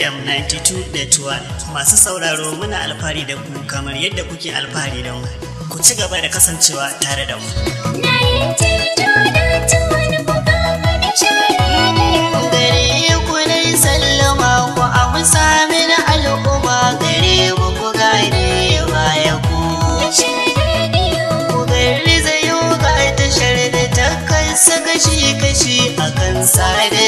FM 92.1 masu sauraro muna alfahari da ku kamar yadda kuke alfahari da mu. Ku ci gaba da kasancewa tare da mu. Gare ku nai sallama ku amsa mini al'umma gare ku ku gane baya ku. Ku gari zayo ga tashar da ta kan kashi a kan sada.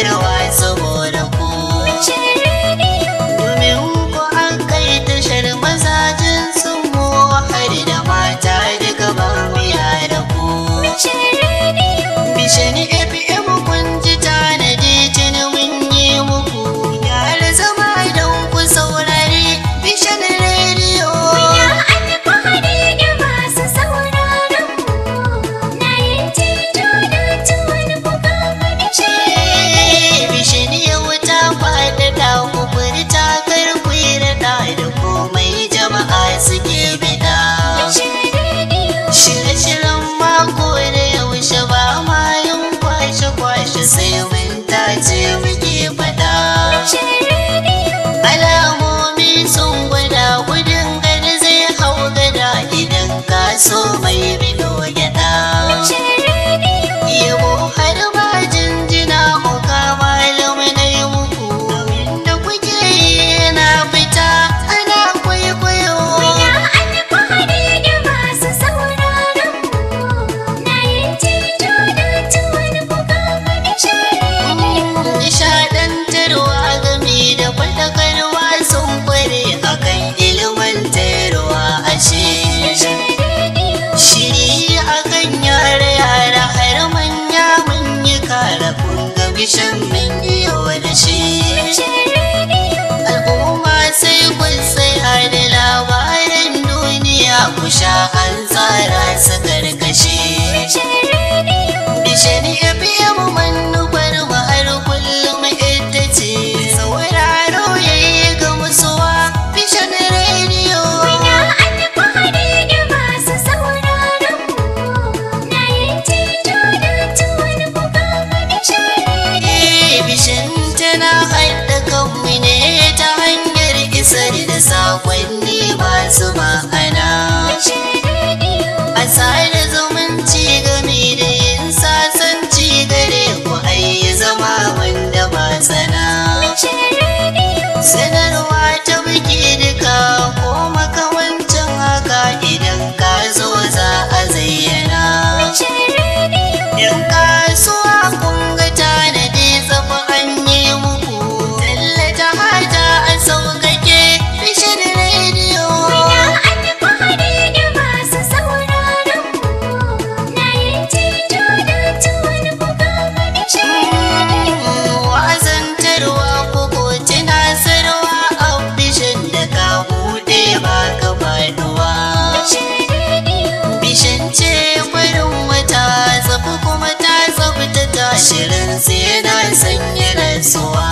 sai mun tace muke fada alamomi sun gwada gudun gani zai hau gada idan ka so shan min yau da shi al'umma sai kun tsaya da labarin duniya ku sha an tsara su karkashe bishani ya fiye mu manta shirin tsiye na sanya rantsuwa.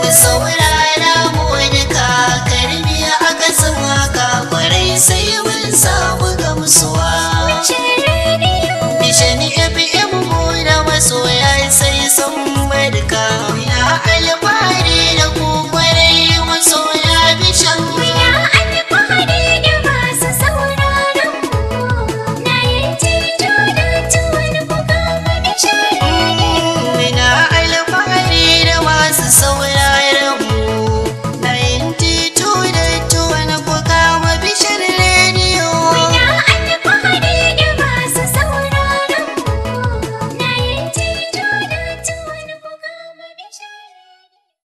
Ku saurara so will